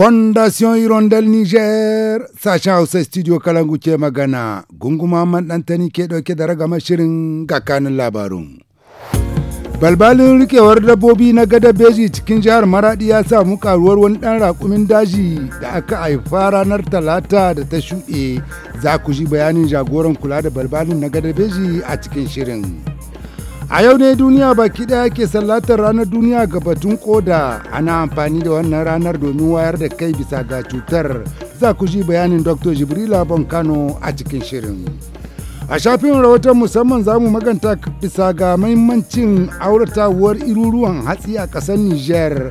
Fondation Hirondel Niger sashen Hausa Studio Kalangu ke magana gunguma man ɗantani ke ɗauke da ragama shirin ga labarun. Balbalin rikewar dabbobi na gada beji cikin jihar Maradi ya samu karuwar wani ɗan rakumin daji da aka haifa ranar talata da ta shuɗe za ku ji bayanin jagoran kula da balbalin na gada beji a cikin shirin. A yau ne duniya baki ɗaya ke sallatar ranar duniya ga batun koda ana amfani da wannan ranar domin wayar da kai bisa ga cutar za ku ji bayanin Dr. Jibrila kano a cikin shirin. A shafin rahoton musamman za mu maganta bisa ga mahimmancin auratawar iruruwan hatsi a ƙasar Nijar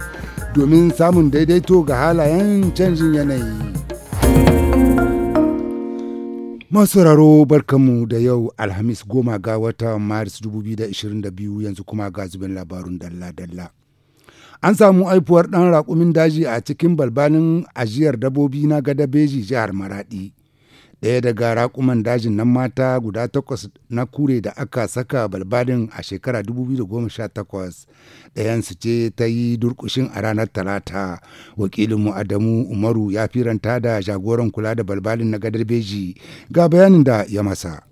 domin samun daidaito ga halayen canjin yanayi. masauraro barkanmu da yau alhamis goma ga watan maris 2022 yanzu kuma ga zubin labarun dalla-dalla an samu aifuwar ɗan raƙumin daji a cikin balbanin ajiyar dabobi na gada beji jihar maradi ɗaya daga raƙuman dajin nan mata guda takwas na kure da aka saka balbalin a shekara 2018 su ce ta yi durƙushin a ranar talata wakilin mu adamu umaru ya firanta da jagoran kula da balbalin na gadar beji ga bayanin da ya masa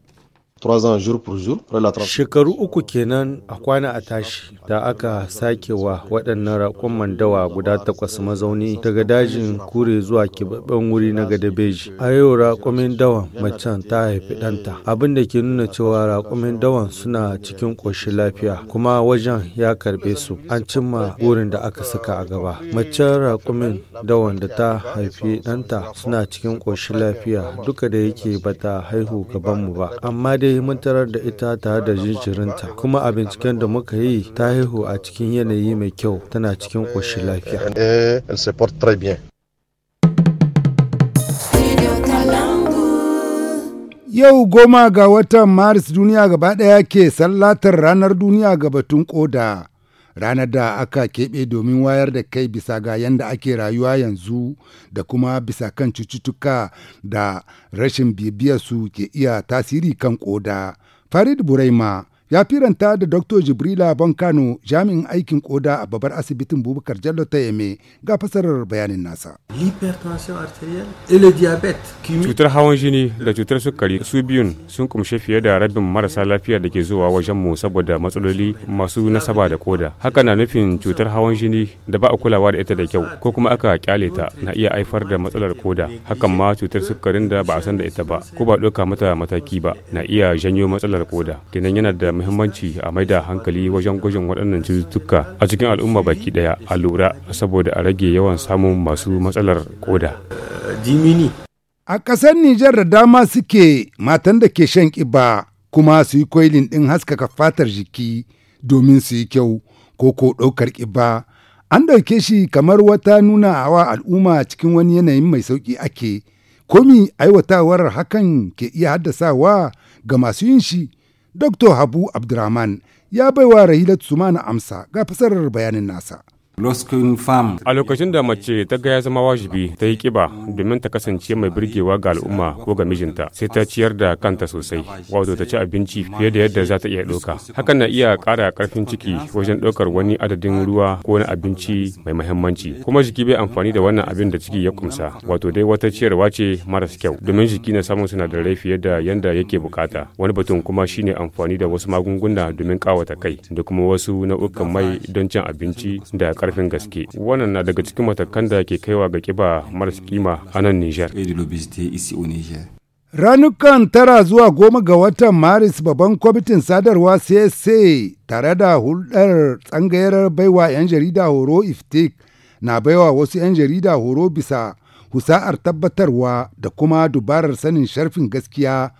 Shekaru uku kenan a kwana a tashi da aka sake wa waɗannan raƙon mandawa guda takwas mazauni daga dajin kure zuwa kibabben wuri na gadabeji. A yau raƙumin dawan macen ta haifi ɗanta abin da ke nuna cewa raƙumin dawan suna cikin ƙoshin lafiya kuma wajen ya karɓe su an cimma burin da aka saka a gaba. Macen raƙumin dawan da ta haifi ɗanta suna cikin ƙoshin lafiya duka da yake bata haihu gaban mu ba amma dai da mun tarar da ita tare da jinjirinta kuma a binciken da muka yi ta haihu a cikin yanayi mai kyau tana cikin ƙoshin lafiya. Eh, Yau goma ga watan Maris duniya gaba ɗaya ke sallatar ranar duniya ga batun ƙoda. ranar da aka keɓe domin wayar da kai bisa ga yadda ake rayuwa yanzu da kuma bisa kan cututtuka da rashin bibiyarsu ke iya tasiri kan ƙoda. Farid Buraima ya firanta da Dr. Jibrila Bankano jami'in aikin koda a babar asibitin Bubakar Jallo ta Yame ga fasarar bayanin nasa. Cutar hawan jini da cutar sukari su biyun sun kumshe fiye da rabin marasa lafiya da ke zuwa wajen mu saboda matsaloli masu nasaba da koda. Haka na nufin cutar hawan jini da ba a kulawa da ita da kyau ko kuma aka kyale ta na iya haifar da matsalar koda. Hakan ma cutar sukarin da ba a san da ita ba ko ba ɗauka mata mataki ba na iya janyo matsalar koda. yana da muhimmanci a da hankali wajen gwajin waɗannan cututtuka a cikin al'umma baki ɗaya a lura saboda a rage yawan samun masu matsalar koda. A ƙasar Nijar da dama suke matan da ke shan ƙiba kuma su yi koilin ɗin haskaka fatar jiki domin su yi kyau ko ko ɗaukar ƙiba. An ɗauke shi kamar wata nuna awa al'umma cikin wani yanayin mai sauƙi ake. Komi aiwatawar hakan ke iya haddasawa ga masu yin shi Dr. Habu Abdurrahman ya baiwa Rahilat Sumana amsa ga fasarar bayanin nasa. A lokacin da mace ta ga ya zama wajibi ta yi kiba domin ta kasance mai birgewa ga al'umma ko ga mijinta sai ta ciyar da kanta sosai wato ta ci abinci fiye da yadda za ta iya ɗauka. Hakan na iya ƙara ƙarfin ciki wajen ɗaukar wani adadin ruwa ko wani abinci mai mahimmanci. Kuma jiki bai amfani da wannan abin da ciki ya kumsa wato dai wata ciyarwa ce maras kyau domin jiki na samun sinadarai fiye da yadda yake bukata. Wani batun kuma shine amfani da wasu magunguna domin ƙawata kai da kuma wasu nau'ukan mai don cin abinci da karfin gaske wannan na daga cikin matakan da ke kaiwa ga kiba maras kima a nan Nijar. Ranukan tara zuwa goma ga watan Maris babban kwamitin sadarwa CSA tare da hulɗar tsangayar baiwa 'yan jarida horo iftik na baiwa wasu 'yan jarida horo bisa husa'ar tabbatarwa da kuma dubarar sanin sharfin gaskiya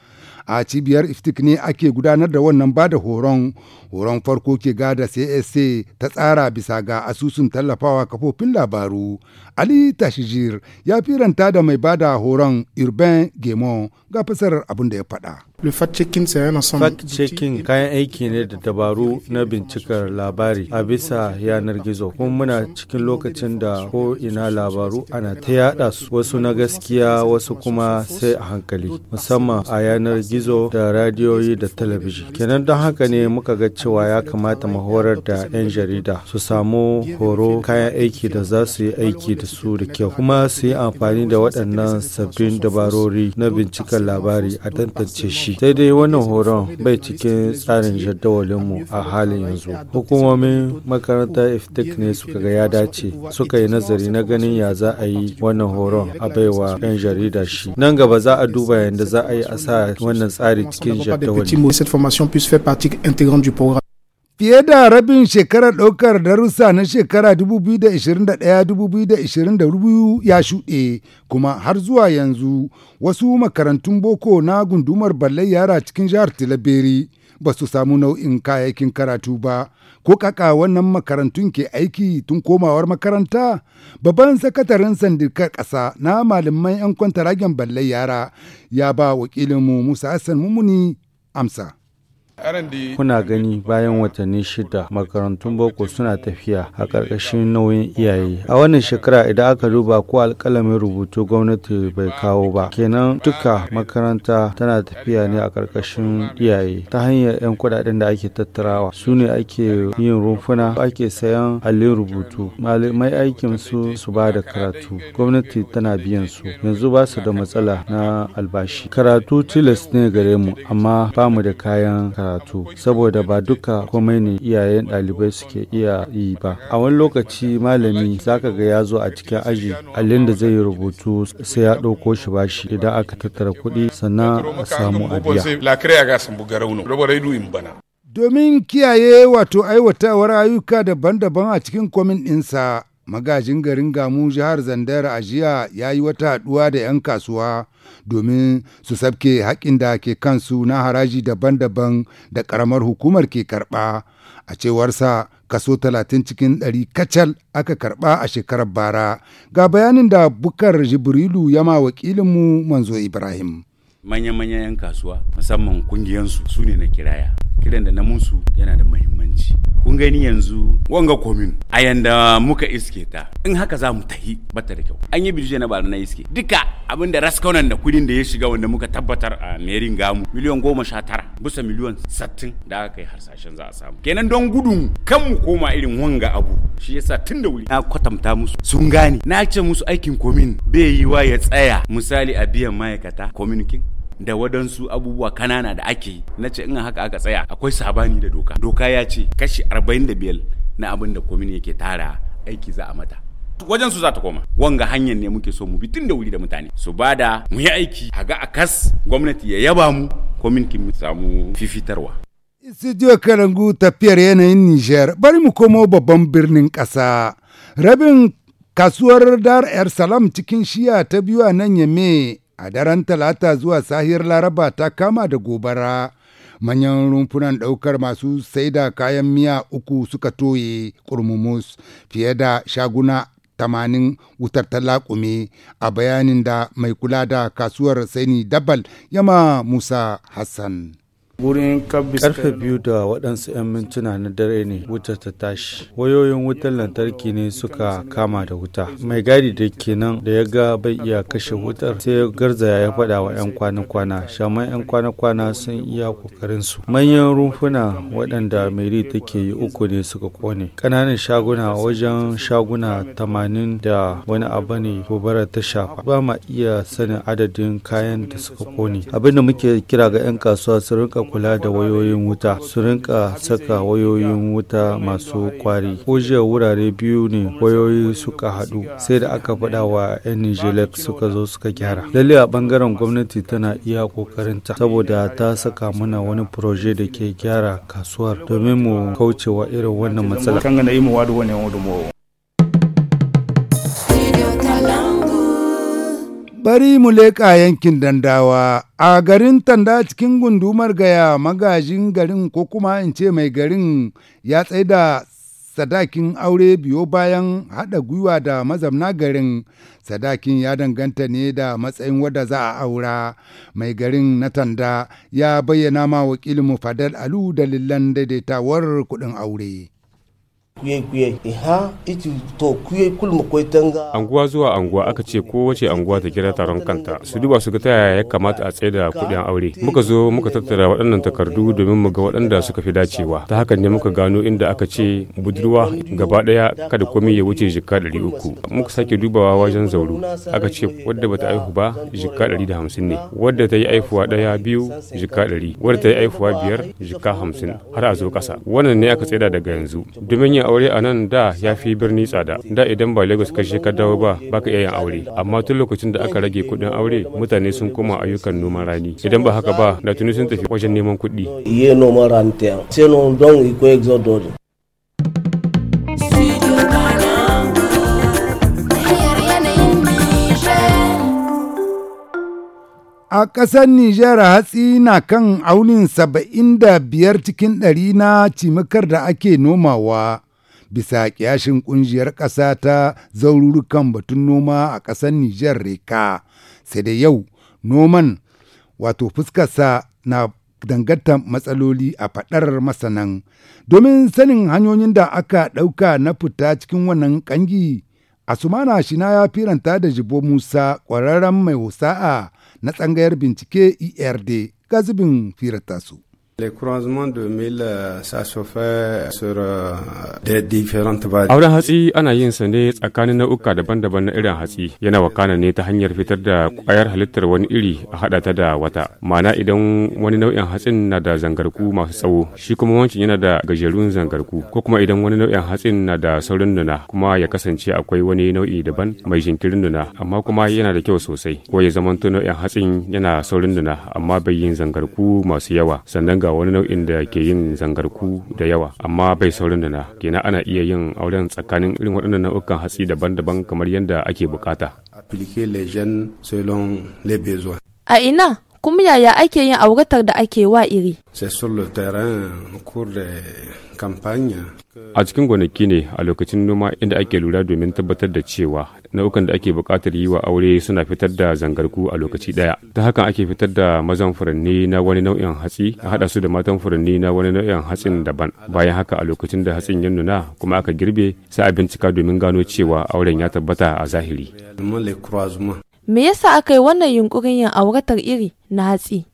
a cibiyar iftik ne ake gudanar da wannan ba da horon horon farko ke gada csc ta tsara bisa ga asusun tallafawa kafofin labaru ali tashijir ya firanta da mai ba da horon irben gemon ga fasarar abin da ya faɗa Fact-checking kayan aiki ne da dabaru na bincikar labari a bisa yanar gizo. Kuma muna cikin lokacin da ko ina labaru ana ta yada su wasu na gaskiya wasu kuma sai a hankali musamman a yanar gizo da radiyoyi da talabijin. Kenan don haka ne muka ga cewa ya kamata mu horar da 'yan jarida su samu horo kayan aiki da za su yi aiki da su da kyau kuma su yi amfani da waɗannan sabbin dabarori na bincikar labari a tantance shi. shi sai dai wannan horon bai cikin tsarin jadawalinmu a halin yanzu hukumomin makaranta iftik e ne suka ga ya dace suka yi nazari na ganin ya za a yi wannan horon a baiwa 'yan jarida shi nan gaba za a duba yadda za a yi a sa wannan tsari cikin jadawali Fiye da rabin shekarar ɗaukar darussa na shekara 2021-2022 ya shuɗe kuma har zuwa yanzu wasu makarantun boko na gundumar ballai yara cikin jihar Tilaberi ba su samu nau'in kayayyakin karatu ba. Ko kaka wannan makarantun ke aiki tun komawar makaranta? Babban sakataren sandikar ƙasa na malaman 'yan kwantaragen ballai yara ya ba wakilinmu Musa Hassan Mumuni amsa. Kuna gani bayan watanni shida makarantun boko suna tafiya a ƙarƙashin nauyin iyaye. A wannan shekara idan aka duba ko alƙalamin rubutu gwamnati bai kawo ba. Kenan duka makaranta tana tafiya ne a ƙarƙashin iyaye ta hanyar 'yan kuɗaɗen da ake tattarawa. Su ne ake yin rumfuna, ake sayan allin rubutu. Malamai aikin su su ba da karatu. Gwamnati tana biyan su. Yanzu ba su da matsala na albashi. Karatu tilas ne gare mu amma ba mu da kayan karatu. karatu saboda ba duka komai ne iyayen ɗalibai suke iya yi ba a wani lokaci malami zaka ga ya zo a cikin aji alin da zai rubutu sai ya ɗauko shi bashi idan aka tattara kuɗi sannan a samu abiya domin kiyaye wato aiwatawar ayyuka daban-daban a cikin kwamin ɗinsa magajin garin gamu jihar zandar a jiya ya yi wata haɗuwa da 'yan kasuwa domin su sabke haƙin da ke kansu na haraji daban-daban da ƙaramar hukumar ke karɓa a cewarsa kaso 30 cikin 100 kacal aka karɓa a shekarar bara ga bayanin da bukar jibrilu ya ma wakilinmu manzo ibrahim manya-manyan 'yan kasuwa musamman kungiyansu su ne na kiraya kiran da na musu yana da mahimmanci kun gani yanzu wanga komin a yanda muka iske ta in haka za mu tahi bata da kyau an yi bidije na bara na iske duka abin da raskaunan da kudin da ya shiga wanda muka tabbatar a merin gamu miliyan goma sha tara bisa miliyan sattin da aka kai harsashen za a samu kenan don gudun kan mu koma irin wanga abu shi yasa tun da wuri na kwatanta musu sun gane na ce musu aikin komin bai yi wa ya tsaya misali a biyan ma'aikata komin king da wadansu abubuwa kanana da ake yi na ce in haka aka tsaya akwai sabani da doka doka ya ce kashi 45 na abin da komin yake tara aiki za a mata wajen su za ta koma wanga hanyar ne muke so mu bi tun da wuri da mutane su ba da mu yi aiki a ga akas gwamnati ya yaba mu kominkin mu samu fifitarwa studio karangu tafiyar yanayin niger bari mu komo babban birnin ƙasa rabin kasuwar dar yar salam cikin shiya ta biyu a nan yame a daren talata zuwa sahiyar laraba ta kama da gobara manyan rumfunan ɗaukar masu sai da kayan miya uku suka toye kurmumus fiye da shaguna tamanin wutar talakume a bayanin da mai kula da kasuwar saini dabal yama musa hassan Karfe biyu da waɗansu 'yan mintuna na dare ne wutar ta tashi. Wayoyin wutar lantarki ne suka kama da wuta. Mai gadi da ke nan da ya ga bai iya kashe wutar sai ya garzaya ya faɗa wa 'yan kwana-kwana. Shaman 'yan kwana-kwana sun iya kokarin su. Manyan rumfuna waɗanda Meri take yi uku ne suka kone. Ƙananan shaguna wajen shaguna tamanin da wani abu ne gobara ta shafa. Ba ma iya sanin adadin kayan da suka kone. Abinda muke kira ga 'yan kasuwa su rinka kula da wayoyin wuta su rinka saka wayoyin wuta masu kwari ko jiya wurare biyu ne wayoyi suka hadu sai da aka faɗa wa yan nijilek suka zo suka gyara lalle a bangaren gwamnati tana iya kokarinta saboda ta saka mana wani proje da ke gyara kasuwar domin mu kaucewa irin wannan matsala Bari mu leƙa yankin dandawa a garin tanda cikin gundumar gaya magajin garin ko kuma in ce mai garin ya da sadakin aure biyo bayan haɗa gwiwa da mazamna garin sadakin ya danganta ne da matsayin wadda za a aura mai garin na tanda ya bayyana ma wakilin mu fadal alu dalilan daidaitawar kuɗin aure. anguwa zuwa anguwa aka ce kowace anguwa ta kira taron kanta su duba su ga ta yaya ya kamata a tsaye da kuɗin aure muka zo muka tattara waɗannan takardu domin mu ga waɗanda suka fi dacewa ta hakan ne muka gano inda aka ce budurwa gaba ɗaya kada komai ya wuce jikka ɗari uku muka sake dubawa wajen zauru. aka ce wadda bata aihu ba jikka ɗari da hamsin ne wadda ta yi aihuwa ɗaya biyu jikka ɗari wadda ta yi aihuwa biyar jikka hamsin har a zo ƙasa wannan ne aka tsaida daga yanzu domin yin aure a nan da ya fi birni tsada. Da idan ba Lagos ka je ka dawo ba baka iya yin aure. Amma tun lokacin da aka rage kuɗin aure mutane sun koma ayyukan noman rani. Idan ba haka ba da tuni sun tafi wajen neman kuɗi. A ƙasar Nijar hatsi na kan aunin saba'in da biyar cikin ɗari na cimikar da ake nomawa. bisa kiyashin kungiyar ƙasa ta zaurukan batun noma a ƙasar Nijar Reka. Sai da yau noman wato fuskarsa na danganta matsaloli a faɗar masanan. Domin sanin hanyoyin da aka ɗauka na fita cikin wannan ƙangi, Asumana Shina ya firanta da Jibo Musa ƙwararren mai wasa'a na tsangayar bincike ERD zubin firanta su. Les croisements de mille euh, ça se fait sur euh, des différentes Auren hatsi ana yin sa tsakanin nau'uka daban-daban na irin hatsi. Yana wakana ne ta hanyar fitar da kwayar halittar wani iri a hada ta da wata. Ma'ana idan wani nau'in hatsin na da zangarku masu tsawo, shi kuma wancin yana da gajerun zangarku, ko kuma idan wani nau'in hatsin na da saurin nuna, kuma ya kasance akwai wani nau'i daban mai jinkirin nuna, amma kuma yana da kyau sosai. Ko ya zamanto nau'in hatsin yana saurin nuna, amma bai yin zangarku masu yawa. Sannan ga wani nau'in da ke yin zangarku da yawa amma bai saurin da na kenan ana iya yin auren tsakanin irin waɗannan nau'ukan hatsi daban-daban kamar yadda ake bukata. A ina kuma yaya ake yin auratar da ake wa iri a cikin gonaki ne a lokacin noma inda ake lura domin tabbatar da cewa nau'ukan da ake buƙatar yi wa aure suna fitar da zangarku a lokaci ɗaya ta hakan ake fitar da mazan furanni na wani nau'in hatsi a haɗa su da matan furanni na wani nau'in hatsin daban bayan haka a lokacin da hatsin ya nuna kuma aka girbe sai a bincika domin gano cewa auren ya tabbata a zahiri Me yasa aka yi wannan yunkurin yin auratar iri na hatsi?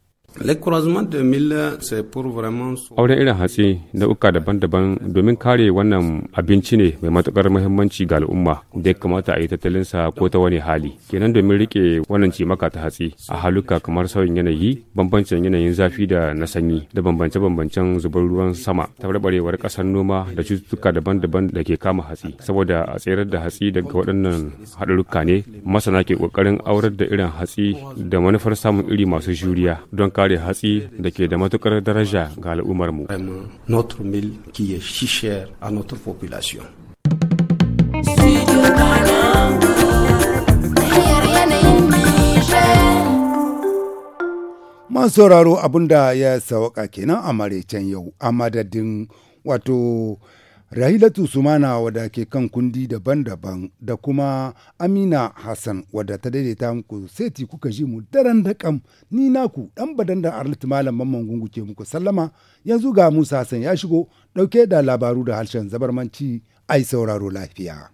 Auren irin hatsi uka daban-daban domin kare wannan abinci ne mai matukar muhimmanci ga al'umma da ya kamata a yi sa ko ta wani hali. Kenan domin rike wannan cimaka ta hatsi a haluka kamar sauyin yanayi, bambancin yanayin zafi da na sanyi da bambance-bambancen zubar ruwan sama, tabarbarewar kasar noma da cututtuka daban-daban da ke kama hatsi. Saboda a tserar da hatsi daga waɗannan haɗarurruka ne, masana ke ƙoƙarin aurar da irin hatsi da manufar samun iri masu juriya don kare hatsi da ke da matukar daraja ga al'ummarmu. Masu sauraro abinda ya sawaka kenan a maraicen yau a madadin wato Rahilatu Sumana wadda ke kan kundi daban-daban da kuma Amina Hassan wadda ta daidaita muku seti kuka ji mu daren da kam ni naku dan badan da Arlit Malam Mamman Gungu ke muku sallama yanzu ga Musa Hassan ya shigo dauke da labaru da harshen zabarmanci ai sauraro lafiya.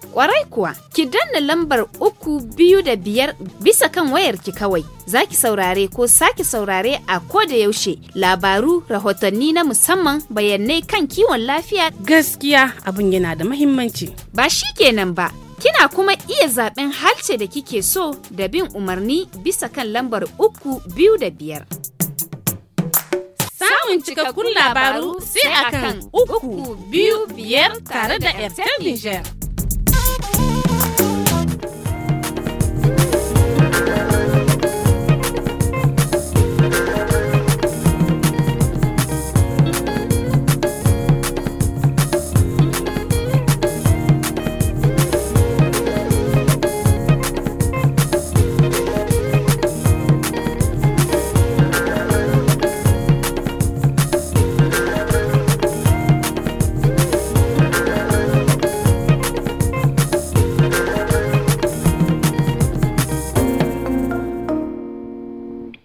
Kwarai kuwa, ki danna lambar uku biyu da biyar bisa kan wayarki kawai. zaki saurare ko sake saurare a ko da yaushe labaru, rahotanni na musamman bayanai kan kiwon lafiya. Gaskiya abin yana da mahimmanci. Ba shi kenan ba. Kina kuma iya zaben halce da kike so da bin umarni bisa kan lambar uku biyu da biyar. Samun cikakkun labaru sai akan uku biyu biyar tare da Airtel Niger.